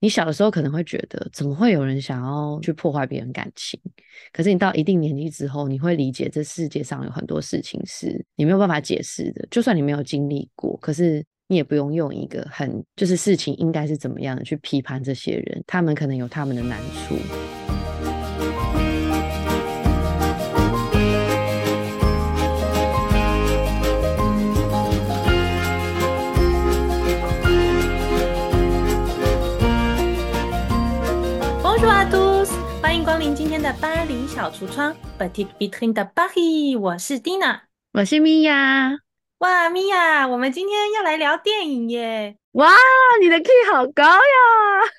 你小的時候可能會覺得，怎麼會有人想要去破壞別人感情？可是你到一定年紀之後，你會理解這世界上有很多事情是你沒有辦法解釋的。就算你沒有經歷過，可是你也不用用一個很，就是事情應該是怎麼樣的，去批判這些人，他們可能有他們的難處。巴黎小櫥窗，Petite Vitrine de Paris。我是 Dina，我是米婭。哇，米婭，我們今天要來聊電影耶！哇，你的 key 好高呀！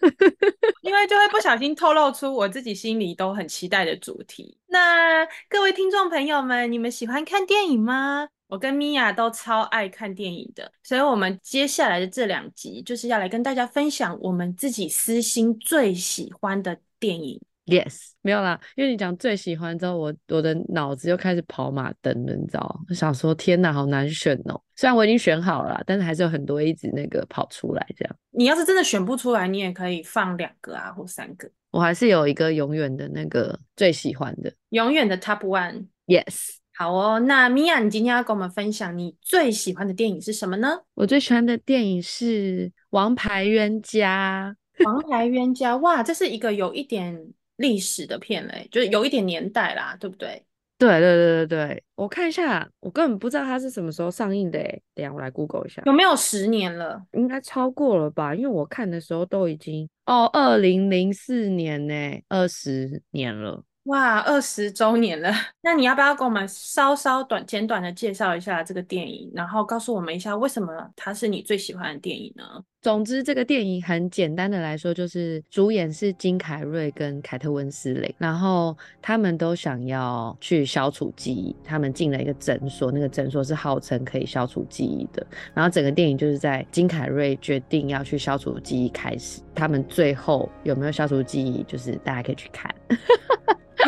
因為就會不小心透露出我自己心裡都很期待的主題。 那各位聽眾朋友們，你們喜歡看電影嗎？我跟米婭都超愛看電影的，所以我們接下來的這兩集就是要來跟大家分享我們自己私心最喜歡的電影。Yes，沒有啦，因為你講最喜歡之後，我我的腦子又開始跑馬燈了，你知道嗎？我想說，天哪，好難選哦、喔。雖然我已經選好了，但是還是有很多一直那個跑出來這樣。你要是真的選不出來，你也可以放兩個啊，或三個。我還是有一個永遠的那個最喜歡的，永遠的 Top One。Yes，好哦。那米婭，你今天要跟我們分享你最喜歡的電影是什麼呢？我最喜歡的電影是《王牌冤家。》 《王牌冤家》，哇，這是一個有一點。歷史的片嘞，就是有一點年代啦，對不對？對對對對對，我看一下，我根本不知道它是什麼時候上映的誒。等下我來 Google 一下，有沒有十年了？應該超過了吧？因為我看的時候都已經哦，二零零四年呢，二十年了，哇，二十周年了。 那你要不要給我們稍稍短簡短，短，短的介紹一下這個電影，然後告訴我們一下為什麼它是你最喜歡的電影呢？總之，這個電影很簡單的來說，就是主演是金凱瑞跟凱特溫絲蕾，然後他們都想要去消除記憶。他們進了一個診所，那個診所是號稱可以消除記憶的。然後整個電影就是在金凱瑞決定要去消除記憶開始。他們最後有沒有消除記憶，就是大家可以去看。誒、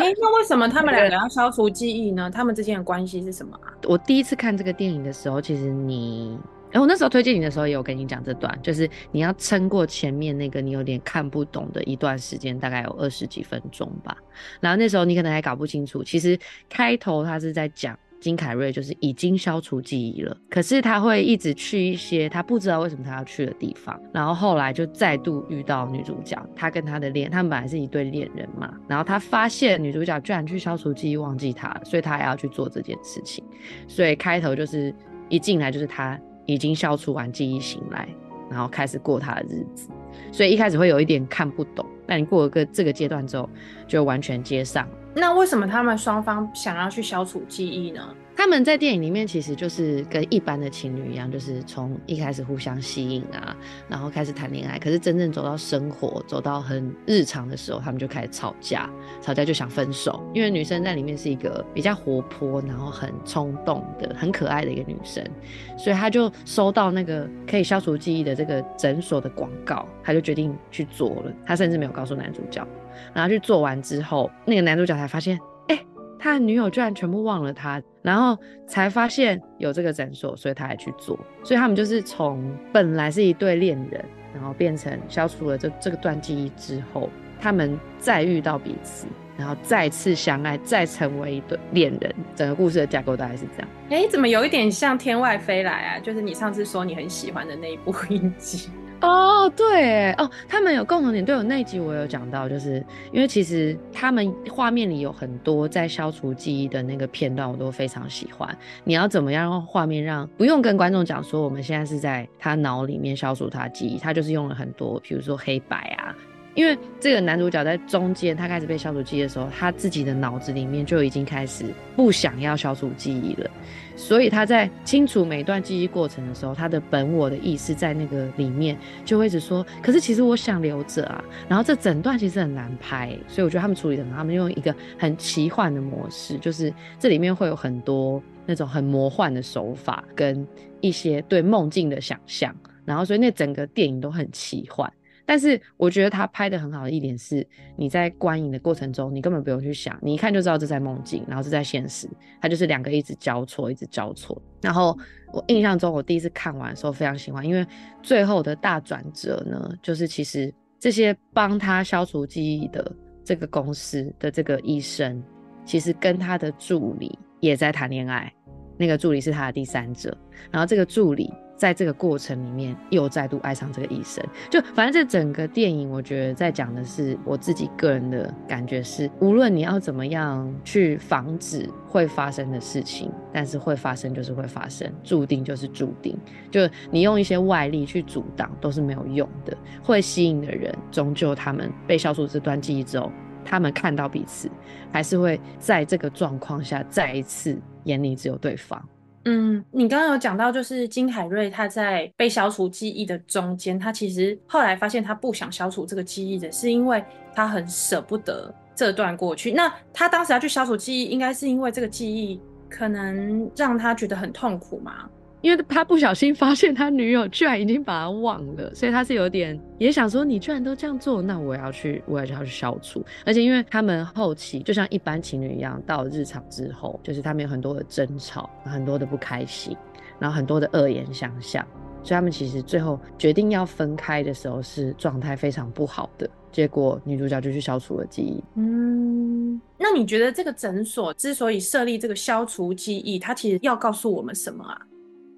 欸，那為什麼他們兩個人要消除記憶呢？他們之間的關係是什麼啊？我第一次看這個電影的時候，其實你。哎、哦，我那時候推薦你的時候，也有跟你講這段，就是你要撐過前面那個你有點看不懂的一段時間，大概有二十幾分鐘吧。然後那時候你可能還搞不清楚，其實開頭他是在講金凱瑞就是已經消除記憶了，可是他會一直去一些他不知道為什麼他要去的地方。然後後來就再度遇到女主角，他跟他的戀，他們本來是一對戀人嘛。然後他發現女主角居然去消除記憶忘記他了，所以他還要去做這件事情。所以開頭就是一進來就是他。已經消除完記憶醒來，然後開始過他的日子，所以一開始會有一點看不懂。但你過了個這個階段之後，就完全接上。那為什麼他們雙方想要去消除記憶呢？他們在電影裡面其實就是跟一般的情侶一樣，就是從一開始互相吸引啊，然後開始談戀愛。可是真正走到生活，走到很日常的時候，他們就開始吵架，吵架就想分手。因為女生在裡面是一個比較活潑，然後很衝動的，很可愛的一個女生，所以她就收到那個可以消除記憶的這個診所的廣告，她就決定去做了。她甚至沒有告訴男主角，然後去做完之後，那個男主角才發現。他的女友居然全部忘了他，然後才發現有這個診所，所以他還去做。所以他們就是從本來是一對戀人，然後變成消除了這這個段記憶之後，他們再遇到彼此，然後再次相愛，再成為一對戀人。整個故事的架構大概是這樣。哎、欸，怎麼有一點像《天外飛來》啊？就是你上次說你很喜歡的那一部影集。哦，對哦，他們有共同點。對我那一集我有講到，就是因為其實他們畫面裡有很多在消除記憶的那個片段，我都非常喜歡。你要怎麼樣用畫面讓不用跟觀眾講說，我們現在是在他腦裡面消除他記憶，他就是用了很多，比如說黑白啊。因為這個男主角在中間，他開始被消除記憶的時候，他自己的腦子裡面就已經開始不想要消除記憶了，所以他在清除每一段記憶過程的時候，他的本我的意識在那個裡面就會一直說：“可是其實我想留着啊。”然後這整段其實很難拍，所以我覺得他們處理的，他們用一個很奇幻的模式，就是這裡面會有很多那種很魔幻的手法跟一些對夢境的想象，然後所以那整個電影都很奇幻。但是我覺得他拍的很好的一點是，你在觀影的過程中，你根本不用去想，你一看就知道這在夢境，然後這在現實，他就是兩個一直交錯，一直交錯。然後我印象中，我第一次看完的時候非常喜歡，因為最後的大轉折呢，就是其實這些幫他消除記憶的這個公司的這個醫生，其實跟他的助理也在談戀愛，那個助理是他的第三者，然後這個助理。在這個過程裡面，又再度愛上這個醫生。就反正這整個電影，我覺得在講的是我自己個人的感覺是：無論你要怎麼樣去防止會發生的事情，但是會發生就是會發生，注定就是注定。就你用一些外力去阻擋都是沒有用的。會吸引的人，終究他們被消除這段記憶之後，他們看到彼此，還是會在這個狀況下再一次眼裡只有對方。嗯，你剛剛有講到，就是金凱瑞他在被消除記憶的中間，他其實後來發現他不想消除這個記憶的，是因為他很捨不得這段過去。那他當時要去消除記憶，應該是因為這個記憶可能讓他覺得很痛苦嘛？因為他不小心發現他女友居然已經把他忘了，所以他是有點也想說，你居然都這樣做，那我要去，我要要去消除。而且因為他們後期就像一般情侶一樣，到了日常之後，就是他們有很多的爭吵，很多的不開心，然後很多的惡言相向，所以他們其實最後決定要分開的時候是狀態非常不好的。結果女主角就去消除了記憶。嗯，那你覺得這個診所之所以設立這個消除記憶，它其實要告訴我們什麼啊？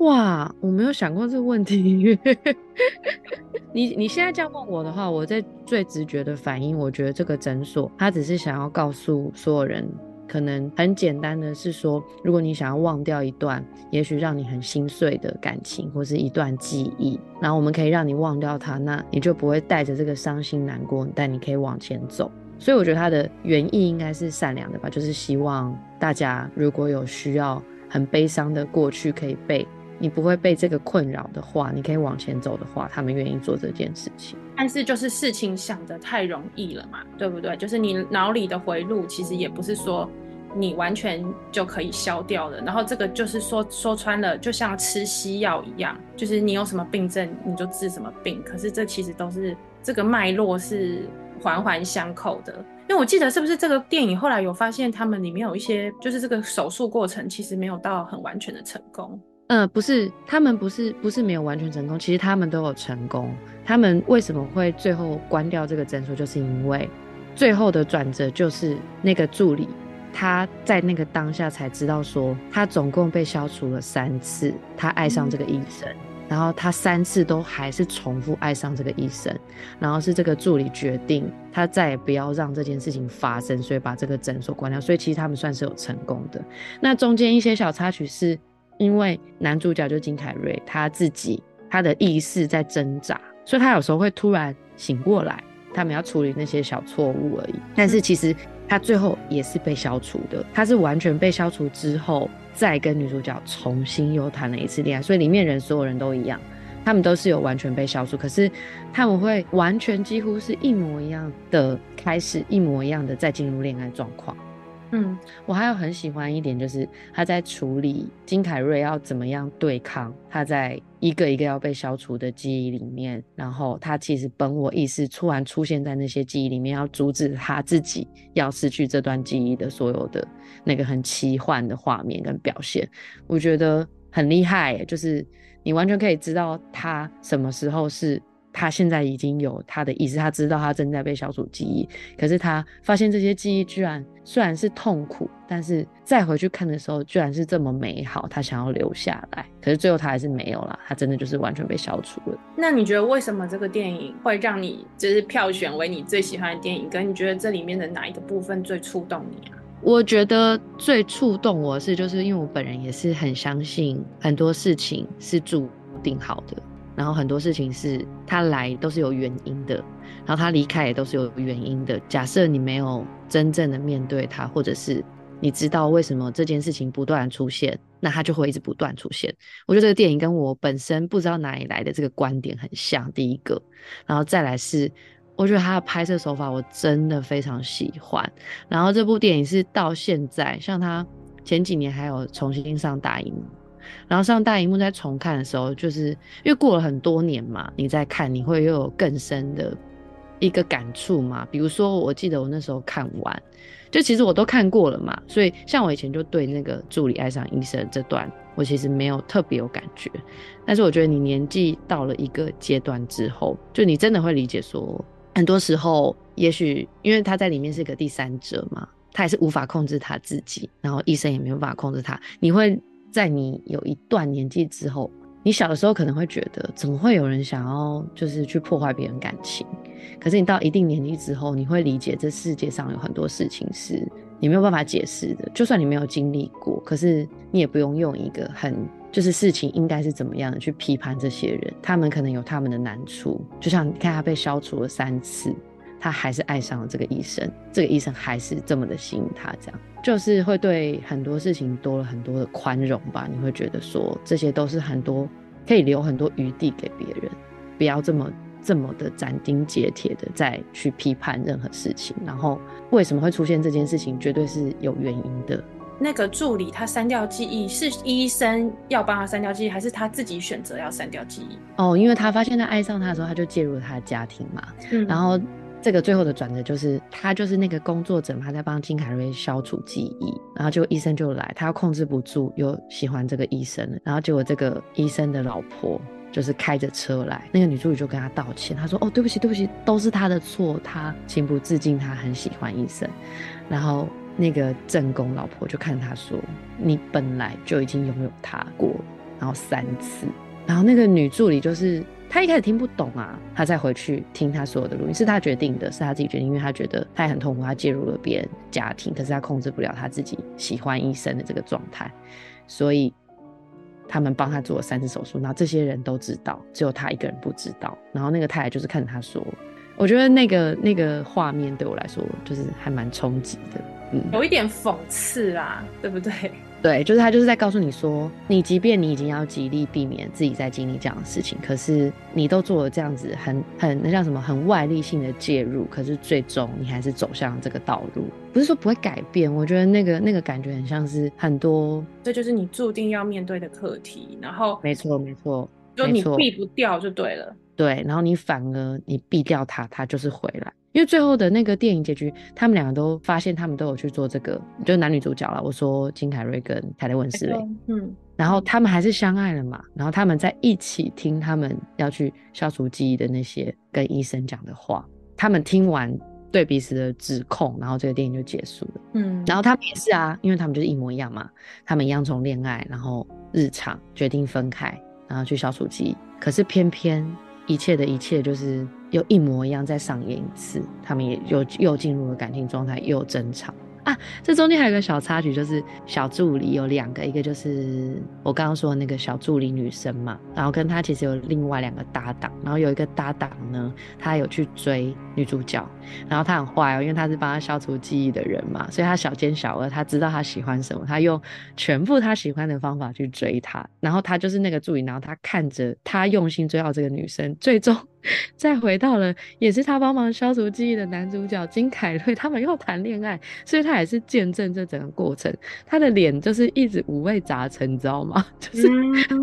哇，我沒有想過這個問題。 你你現在這樣問我的話，我在最直覺的反應，我覺得這個診所他只是想要告訴所有人，可能很簡單的是說，如果你想要忘掉一段也許讓你很心碎的感情或是一段記憶，然後我們可以讓你忘掉它，那你就不會帶着這個傷心難過，但你可以往前走。所以我覺得他的原意應該是善良的吧，就是希望大家如果有需要，很悲傷的過去可以被。你不會被這個困擾的話，你可以往前走的話，他們願意做這件事情。但是就是事情想得太容易了嘛，對不對？就是你腦裡的回路其實也不是說你完全就可以消掉的。然後這個就是說說穿了，就像吃西藥一樣，就是你有什麼病症你就治什麼病。可是這其實都是這個脈絡是環環相扣的。因為我記得是不是這個電影後來有發現他們裡面有一些，就是這個手術過程其實沒有到很完全的成功。嗯、呃，不是，他們不是不是沒有完全成功，其實他們都有成功。他們為什麼會最後關掉這個診所？就是因為最後的轉折就是那個助理他在那個當下才知道說，他總共被消除了三次，他愛上這個醫生、嗯，然後他三次都還是重複愛上這個醫生，然後是這個助理決定他再也不要讓這件事情發生，所以把這個診所關掉。所以其實他們算是有成功的。那中間一些小插曲是。因為男主角就是金凱瑞，他自己他的意識在掙扎，所以他有時候會突然醒過來。他們要處理那些小錯誤而已，但是其實他最後也是被消除的。他是完全被消除之後，再跟女主角重新又談了一次戀愛。所以裡面人所有人都一樣，他們都是有完全被消除，可是他們會完全幾乎是一模一樣的開始，一模一樣的再進入戀愛狀況。嗯，我還有很喜歡一點，就是他在處理金凱瑞要怎麼樣對抗他在一個一個要被消除的記憶裡面，然後他其實本我意識突然出現在那些記憶裡面，要阻止他自己要失去這段記憶的所有的那個很奇幻的畫面跟表現，我覺得很厲害，就是你完全可以知道他什麼時候是。他現在已經有他的意思，他知道他正在被消除記憶，可是他發現這些記憶居然雖然是痛苦，但是再回去看的時候，居然是這麼美好。他想要留下來，可是最後他還是沒有了，他真的就是完全被消除了。那你覺得為什麼這個電影會讓你就是票選為你最喜歡的電影？跟你覺得這裡面的哪一個部分最觸動你啊？我覺得最觸動我的是，就是因為我本人也是很相信很多事情是注定好的。然後很多事情是他來都是有原因的，然後他離開也都是有原因的。假設你沒有真正的面對他，或者是你知道為什麼這件事情不斷出現，那他就會一直不斷出現。我覺得這個電影跟我本身不知道哪裡來的這個觀點很像。第一個，然後再來是，我覺得他的拍攝手法我真的非常喜歡。然後這部電影是到現在，像他前幾年還有重新上大銀幕。然後上大熒幕再重看的時候，就是因為過了很多年嘛，你再看你會又有更深的一個感觸嘛。比如說，我記得我那時候看完，就其實我都看過了嘛，所以像我以前就對那個助理愛上醫生這段，我其實沒有特別有感覺。但是我覺得你年紀到了一個階段之後，就你真的會理解說，很多時候也許因為他在裡面是個第三者嘛，他也是無法控制他自己，然後醫生也沒有辦法控制他，你會。在你有一段年紀之後，你小的時候可能會覺得，怎麼會有人想要就是去破壞別人感情？可是你到一定年紀之後，你會理解這世界上有很多事情是你沒有辦法解釋的。就算你沒有經歷過，可是你也不用用一個很就是事情應該是怎麼樣的去批判這些人。他們可能有他們的難處。就像你看，他被消除了三次。他還是愛上了這個醫生，這個醫生還是這麼的吸引他，這樣就是會對很多事情多了很多的寬容吧？你會覺得說這些都是很多可以留很多餘地給別人，不要這麼這麼的斬釘截鐵的再去批判任何事情。然後為什麼會出現這件事情，絕對是有原因的。那個助理他刪掉記憶是醫生要幫他刪掉記憶，還是他自己選擇要刪掉記憶？哦，因為他發現他愛上他的時候，他就介入了他的家庭嘛，嗯，然後。這個最後的轉折就是，他就是那個工作者嘛，他在幫金凱瑞消除記憶，然後結果醫生就來，他又控制不住，又喜歡這個醫生，然後結果這個醫生的老婆就是開着車來，那個女助理就跟他道歉，他說：“哦，對不起，對不起，都是他的錯，他情不自禁，他很喜歡醫生。”然後那個正宮老婆就看他說：“你本來就已經擁有他過，然後三次。”然後那個女助理就是。他一開始聽不懂啊，他再回去聽他所有的錄音，是他決定的，是他自己決定，因為他覺得他也很痛苦，他介入了別人家庭，可是他控制不了他自己喜歡醫生的這個狀態，所以他們幫他做了三次手術。然後這些人都知道，只有他一個人不知道。然後那個太太就是看着他說：“我覺得那個那個畫面對我來說就是還蠻衝擊的，嗯，有一點諷刺啦，對不對？”對，就是他就是在告訴你說，你即便你已經要極力避免自己在經歷這樣的事情，可是你都做了這樣子很很那叫什麼很外力性的介入，可是最終你還是走向這個道路。不是說不會改變，我覺得那個那個感覺很像是很多，這就是你注定要面對的課題。然後，沒錯沒錯，就你避不掉就對了。對，然後你反而你避掉它，它就是回來。因為最後的那個電影結局，他們兩個都發現，他們都有去做這個，就是男女主角了。我說金凱瑞跟凱特溫絲蕾，嗯，然後他們還是相愛了嘛，然後他們在一起聽他們要去消除記憶的那些跟醫生講的話，他們聽完對彼此的指控，然後這個電影就結束了，嗯，然後他們也是啊，因為他們就是一模一樣嘛，他們一樣從戀愛，然後日常決定分開，然後去消除記憶，可是偏偏。一切的一切，就是又一模一樣再上演一次。他們也就又又進入了感情狀態，又爭吵。啊，這中間還有個小插曲，就是小助理有兩個，一個就是我剛剛說的那個小助理女生嘛，然後跟她其實有另外兩個搭檔，然後有一個搭檔呢，他有去追女主角，然後他很壞哦，因為他是幫他消除記憶的人嘛，所以他小奸小惡，他知道她喜歡什麼，他用全部他喜歡的方法去追她，然後他就是那個助理，然後他看着他用心追到這個女生，最終。再回到了，也是他幫忙消除記憶的男主角金凱瑞，他們又談戀愛，所以他也是見證這整個過程。他的臉就是一直五味雜陳，你知道嗎？就是，對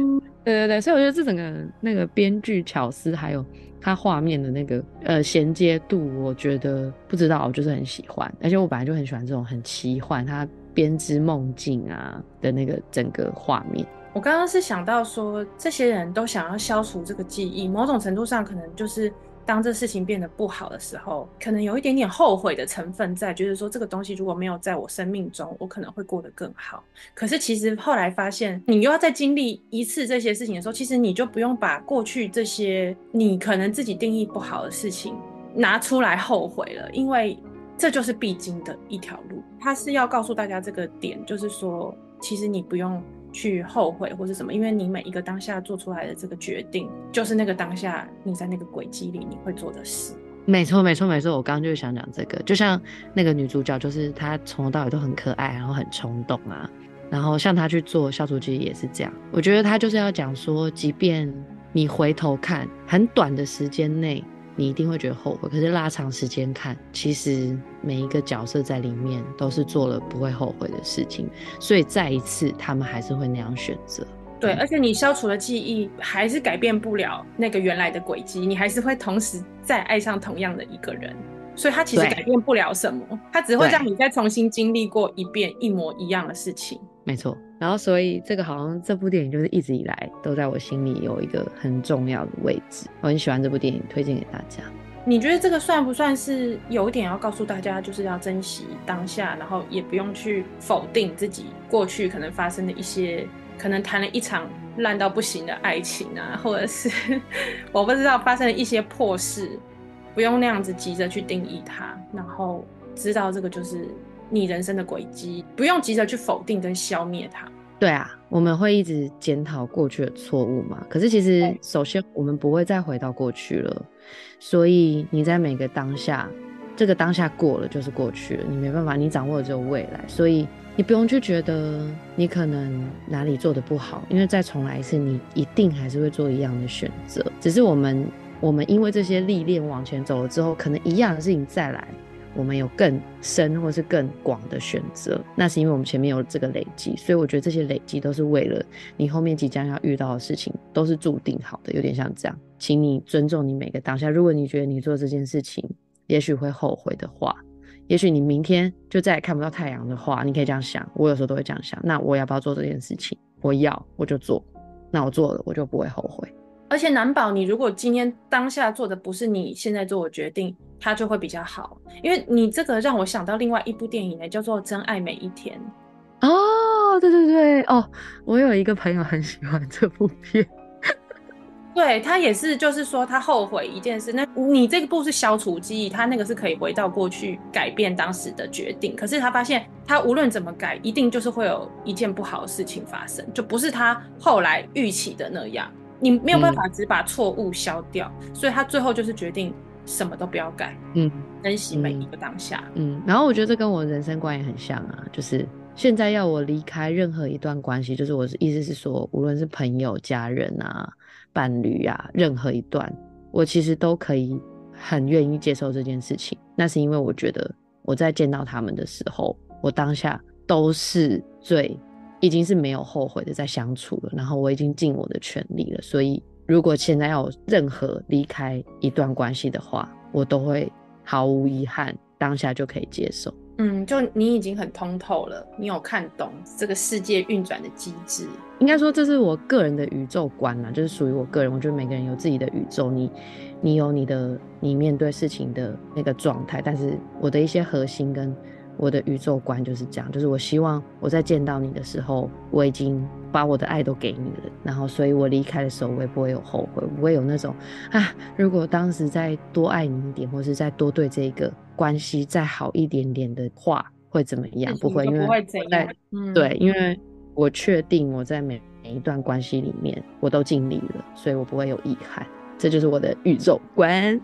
對對，所以我覺得這整個那個編劇巧思，還有他畫面的那個呃銜接度，我覺得不知道，我就是很喜歡。而且我本來就很喜歡這種很奇幻，他編織夢境啊的那個整個畫面。我剛剛是想到說，這些人都想要消除這個記憶，某種程度上可能就是當這事情變得不好的時候，可能有一點點後悔的成分在，就是說這個東西如果沒有在我生命中，我可能會過得更好。可是其實後來發現，你又要再經歷一次這些事情的時候，其實你就不用把過去這些你可能自己定義不好的事情拿出來後悔了，因為這就是必經的一條路。他是要告訴大家這個點，就是說，其實你不用。去後悔或是什麼，因為你每一個當下做出來的這個決定，就是那個當下你在那個軌跡裡你會做的事。沒錯，沒錯，沒錯。我剛剛就是想講這個，就像那個女主角，就是她從頭到尾都很可愛，然後很衝動啊，然後像她去做消除，其實也是這樣。我覺得她就是要講說，即便你回頭看，很短的時間內。你一定會覺得後悔，可是拉長時間看，其實每一個角色在裡面都是做了不會後悔的事情，所以再一次，他們還是會那樣選擇。對，嗯，而且你消除了記憶，還是改變不了那個原來的軌跡，你還是會同時再愛上同樣的一個人。所以它其實改變不了什麼，它只會讓你再重新經歷過一遍一模一樣的事情。沒錯，然後所以這個好像這部電影就是一直以來都在我心裡有一個很重要的位置，我很喜歡這部電影，推薦給大家。你覺得這個算不算是有一點要告訴大家，就是要珍惜當下，然後也不用去否定自己過去可能發生的一些，可能談了一場爛到不行的愛情啊，或者是 我不知道發生了一些破事。不用那樣子急着去定義它，然後知道這個就是你人生的軌跡。不用急着去否定跟消滅它。對啊，我們會一直檢討過去的錯誤嘛。可是其實，首先我們不會再回到過去了，所以你在每個當下，這個當下過了就是過去了，你沒辦法，你掌握的只有未來，所以你不用去覺得你可能哪裡做得不好，因為再重來一次，你一定還是會做一樣的選擇。只是我們。我們因為這些歷練往前走了之後，可能一樣的事情再來，我們有更深或是更廣的選擇。那是因為我們前面有這個累積，所以我覺得這些累積都是為了你後面即將要遇到的事情，都是注定好的，有點像這樣。請你尊重你每個當下。如果你覺得你做這件事情也許會後悔的話，也許你明天就再也看不到太陽的話，你可以這樣想。我有時候都會這樣想。那我要不要做這件事情？我要，我就做。那我做了，我就不會後悔。而且難保你如果今天當下做的不是你現在做的決定，他就會比較好。因為你這個讓我想到另外一部電影呢，叫做《真愛每一天》。哦，對對對，哦，我有一個朋友很喜歡這部片。 對，他也是，就是說他後悔一件事。那你這個部是消除記憶，他那個是可以回到過去改變當時的決定。可是他發現，他無論怎麼改，一定就是會有一件不好的事情發生，就不是他後來預期的那樣。你沒有辦法只把錯誤消掉。嗯，所以他最後就是決定什麼都不要幹。嗯，珍惜每一個當下，嗯，嗯。然後我覺得這跟我人生觀也很像啊，就是現在要我離開任何一段關係，就是我，是意思是說，無論是朋友、家人啊、伴侶呀、啊，任何一段，我其實都可以很願意接受這件事情。那是因為我覺得我在見到他們的時候，我當下都是最。已經是沒有後悔的在相處了，然後我已經盡我的全力了，所以如果現在要有任何離開一段關係的話，我都會毫無遺憾，當下就可以接受。嗯，就你已經很通透了，你有看懂這個世界運轉的機制。應該說，這是我個人的宇宙觀嘛、啊，就是屬於我個人，我覺得每個人有自己的宇宙，你你有你的你面對事情的那個狀態，但是我的一些核心跟。我的宇宙觀就是這樣，就是我希望我在見到你的時候，我已經把我的愛都給你了，然後所以我離開的時候，我也不會有後悔，我不會有那種啊，如果當時再多愛你一點，或是再多對這個關係再好一點點的話，會怎麼樣？不會怎樣，不會因為對、嗯，對，因為我確定我在每，每一段關係裡面我都盡力了，所以我不會有遺憾，這就是我的宇宙觀。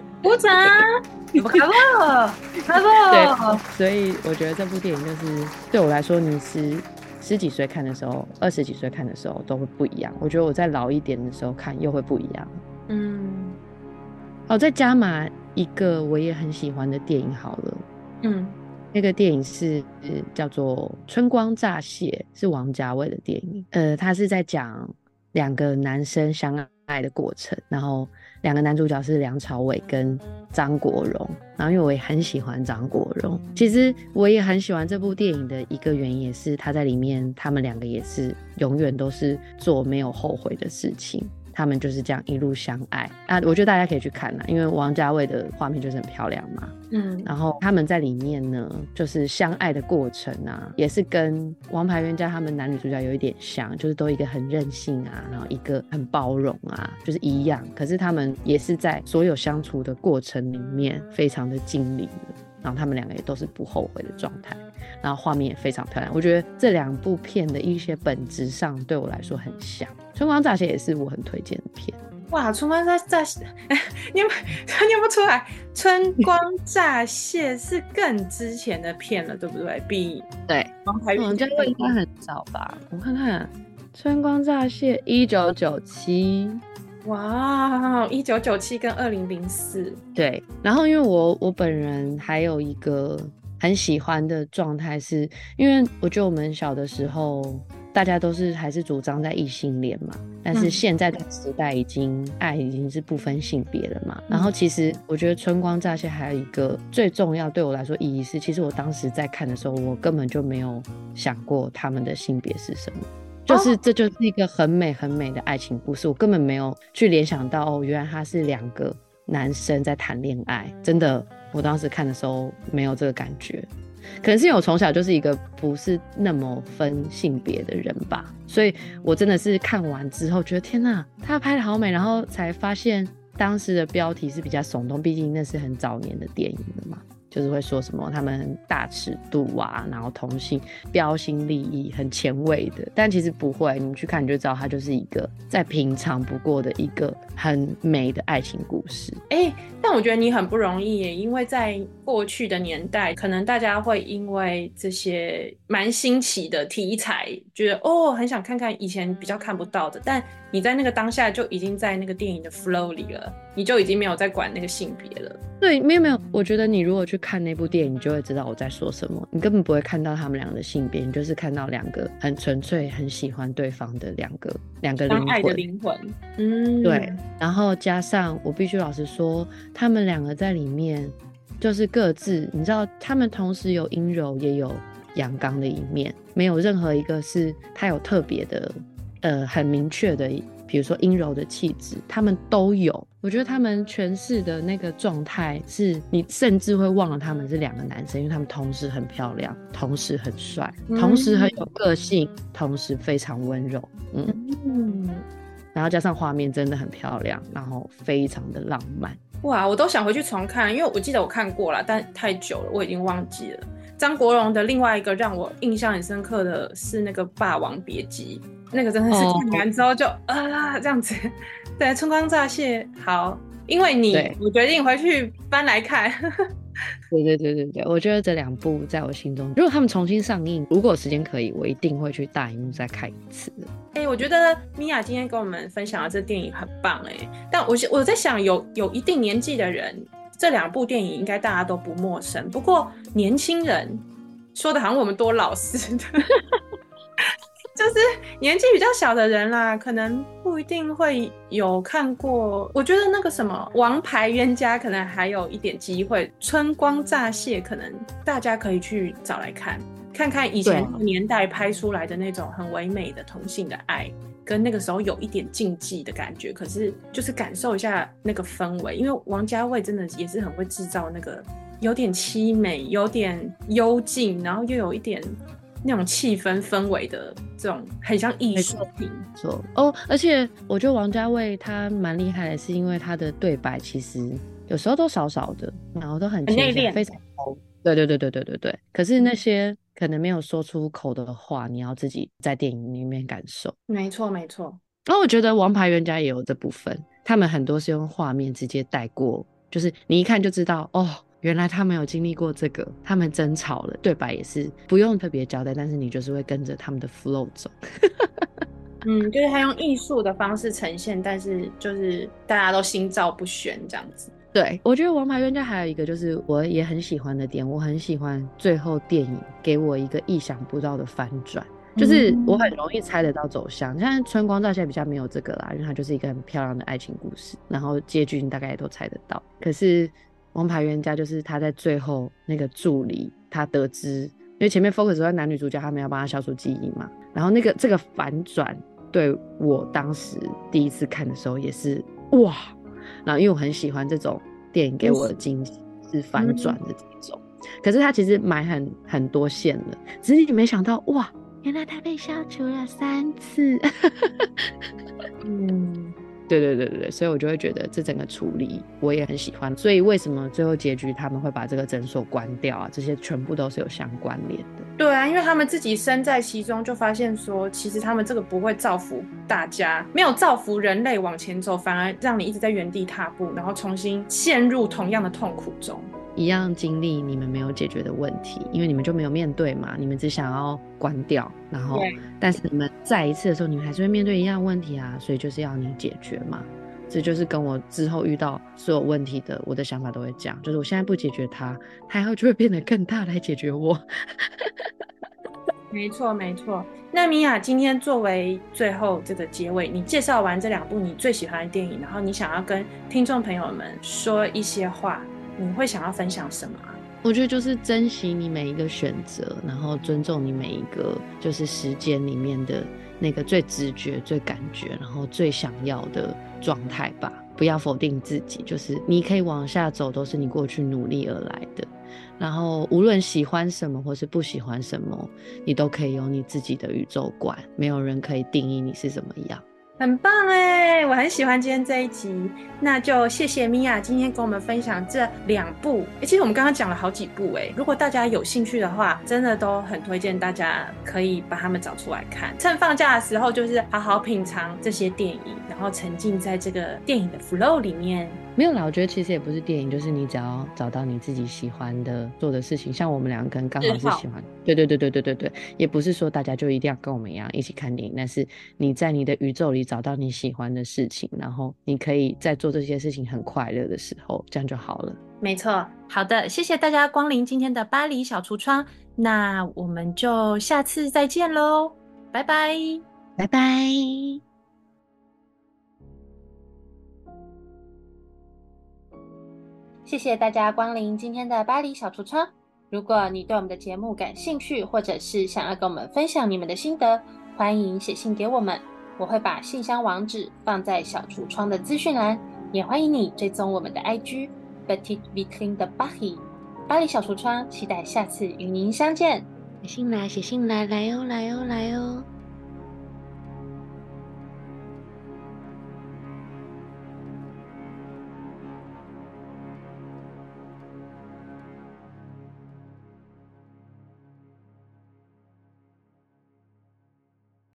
吳承你們快樂？快 所以我覺得這部電影就是，對我來說，你十十幾歲看的時候，二十幾歲看的時候都會不一樣。我覺得我在老一點的時候看又會不一樣。嗯。好、哦，再加碼一個我也很喜歡的電影好了。嗯。那個電影是、呃、叫做《春光乍泄》，是王家衛的電影。嗯、呃，他是在講兩個男生相愛。愛的過程，然後兩個男主角是梁朝偉跟張國榮，然後因為我也很喜歡張國榮，其實我也很喜歡這部電影的一個原因也是他在裡面，他們兩個也是永遠都是做沒有後悔的事情。他們就是這樣一路相愛啊！我覺得大家可以去看啦，因為王家衛的畫面就是很漂亮嘛。嗯，然後他們在裡面呢，就是相愛的過程啊，也是跟《王牌冤家》他們男女主角有一點像，就是都一個很任性啊，然後一個很包容啊，就是一樣。可是他們也是在所有相處的過程裡面，非常的盡力。然後他們兩個也都是不後悔的狀態，然後畫面也非常漂亮。我覺得這兩部片的一些本質上對我來說很像，《春光乍洩》也是我很推薦的片。哇，春有有有有《春光乍洩》你念不念不出來？《春光乍洩》是更之前的片了， 對不對？比對，王家衛應該很早吧？我看看，《春光乍洩》一九九七。哇，一九九七跟二零零四，對。然後因為我我本人還有一個很喜歡的狀態是，是因為我覺得我們小的時候大家都是還是主張在異性戀嘛，但是現在的時代已經、嗯、愛已經是不分性別的嘛、嗯。然後其實我覺得《春光乍洩》還有一個最重要對我來說意義是，其實我當時在看的時候，我根本就沒有想過他們的性別是什麼。就是，這就是一個很美很美的愛情故事。我根本沒有去聯想到，哦，原來他是兩個男生在談戀愛。真的，我當時看的時候沒有這個感覺，可能是因為我從小就是一個不是那麼分性別的人吧。所以，我真的是看完之後覺得天哪，他拍得好美。然後才發現，當時的標題是比較聳動，畢竟那是很早年的電影了嘛。就是會說什麼他們大尺度啊，然後同性標新立異，很前衛的，但其實不會。你們去看你就知道，它就是一個再平常不過的一個很美的愛情故事。哎、欸，但我覺得你很不容易耶，因為在過去的年代，可能大家會因為這些蠻新奇的題材，覺得哦，很想看看以前比較看不到的，但。你在那個當下就已經在那個電影的 flow 裡了，你就已經沒有在管那個性別了。對，沒有沒有，我覺得你如果去看那部電影，你就會知道我在說什麼。你根本不會看到他們兩個的性別，你就是看到兩個很純粹、很喜歡對方的兩個兩個人愛的靈魂，嗯，對嗯。然後加上我必須老實說，他們兩個在裡面就是各自，你知道，他們同時有陰柔也有陽剛的一面，沒有任何一個是他有特別的。呃，很明確的，比如說陰柔的氣質，他們都有。我覺得他們詮釋的那個狀態，是你甚至會忘了他們是兩個男生，因為他們同時很漂亮，同時很帥，同時很有個性，嗯、同時非常溫柔嗯。嗯，然後加上畫面真的很漂亮，然後非常的浪漫。哇，我都想回去重看，因為我記得我看過了，但太久了，我已經忘記了。張國榮的另外一個讓我印象很深刻的是那個《霸王別姬》。那個真的是看完之後就啊、oh. 呃、這樣子，對，春光乍泄好，因為你我決定回去翻來看。對 對對對對，我覺得這兩部在我心中，如果他們重新上映，如果時間可以，我一定會去大熒幕再看一次。哎、欸，我覺得 Miya 今天跟我們分享的這電影很棒哎、欸，但我我在想有，有有一定年紀的人，這兩部電影應該大家都不陌生。不過年輕人說的，好像我們多老似的。 就是年紀比較小的人啦，可能不一定會有看過。我覺得那個什麼《王牌冤家》可能還有一點機會，《春光乍洩》可能大家可以去找來看，看看以前年代拍出來的那種很唯美的同性的愛，對啊，跟那個時候有一點禁忌的感覺。可是就是感受一下那個氛圍，因為王家衛真的也是很會制造那個有點淒美、有點幽靜，然後又有一點。那種氣氛氛圍的這種很像藝術品，哦，oh, 而且我覺得王家衛他蠻厲害的是因為他的對白其實有時候都少少的，然後都很內斂，非常對對對對對對對。可是那些可能沒有說出口的話，你要自己在電影裡面感受。沒錯沒錯。那、oh, 我覺得《王牌冤家》也有這部分，他們很多是用畫面直接帶過，就是你一看就知道哦。Oh, 原來他沒有經歷過這個，他們爭吵了，對白也是不用特別交代，但是你就是會跟着他們的 flow 走。 嗯,就是他用藝術的方式呈現，但是就是大家都心照不宣這樣子。對，我覺得《王牌冤家》還有一個就是我也很喜歡的點，我很喜歡最後電影給我一個意想不到的反轉，就是我很容易猜得到走向。嗯、像《春光乍洩》比較沒有這個啦，因為它就是一個很漂亮的愛情故事，然後結局你大概也都猜得到。可是王牌冤家就是他在最後那個助理，他得知，因為前面 focus 在男女主角他沒要幫他消除記憶嘛，然後那個這個反轉對我當時第一次看的時候也是哇，然後因為我很喜歡這種電影給我的驚喜是反轉的這種，可是他其實埋很很多線的，只是你沒想到哇，原來他被消除了三次。 嗯。對對對對，所以我就會覺得這整個處理我也很喜歡。所以為什麼最後結局他們會把這個診所關掉啊？這些全部都是有相關聯的。對啊，因為他們自己身在其中，就發現說，其實他們這個不會造福大家，沒有造福人類往前走，反而讓你一直在原地踏步，然後重新陷入同樣的痛苦中。一樣經歷你們沒有解決的問題，因為你們就沒有面對嘛，你們只想要關掉，然後，但是你們再一次的時候，你們還是會面對一樣問題啊，所以就是要你解決嘛，這就是跟我之後遇到所有問題的我的想法都會講，就是我現在不解決它，它以後就會變得更大來解決我。 沒錯沒錯，那米婭今天作為最後這個結尾，你介紹完這兩部你最喜歡的電影，然後你想要跟聽眾朋友們說一些話，你會想要分享什麼？我覺得就是珍惜你每一個選擇，然後尊重你每一個就是時間裡面的那個最直覺、最感覺，然後最想要的狀態吧。不要否定自己，就是你可以往下走，都是你過去努力而來的。然後無論喜歡什麼或是不喜歡什麼，你都可以有你自己的宇宙觀，沒有人可以定義你是怎麼樣。很棒哎、欸，我很喜歡今天這一集，那就謝謝 Miya 今天跟我們分享這兩部、欸。其實我們剛剛講了好幾部哎、欸，如果大家有興趣的話，真的都很推薦大家可以把他們找出來看，趁放假的時候，就是好好品嘗這些電影，然後沉浸在這個電影的 flow 裡面。沒有啦，我覺得其實也不是電影，就是你只要找到你自己喜歡的做的事情，像我們兩個人剛好是喜歡，對對對對對對對，也不是說大家就一定要跟我們一樣一起看電影，那是你在你的宇宙裡找到你喜歡的事情，然後你可以在做這些事情很快樂的時候，這樣就好了。沒錯，好的，謝謝大家光臨今天的巴黎小櫥窗，那我們就下次再見嘍，拜拜，拜拜。謝謝大家光臨今天的巴黎小櫥窗。如果你對我們的節目感興趣，或者是想要跟我們分享你們的心得，歡迎寫信給我們，我會把信箱網址放在小櫥窗的資訊欄。也歡迎你追蹤我們的 IG，Petite vitrine de Paris。巴黎小櫥窗，期待下次與您相見。寫信啦！寫信啦！來喲、哦，來喲、哦，來喲、哦。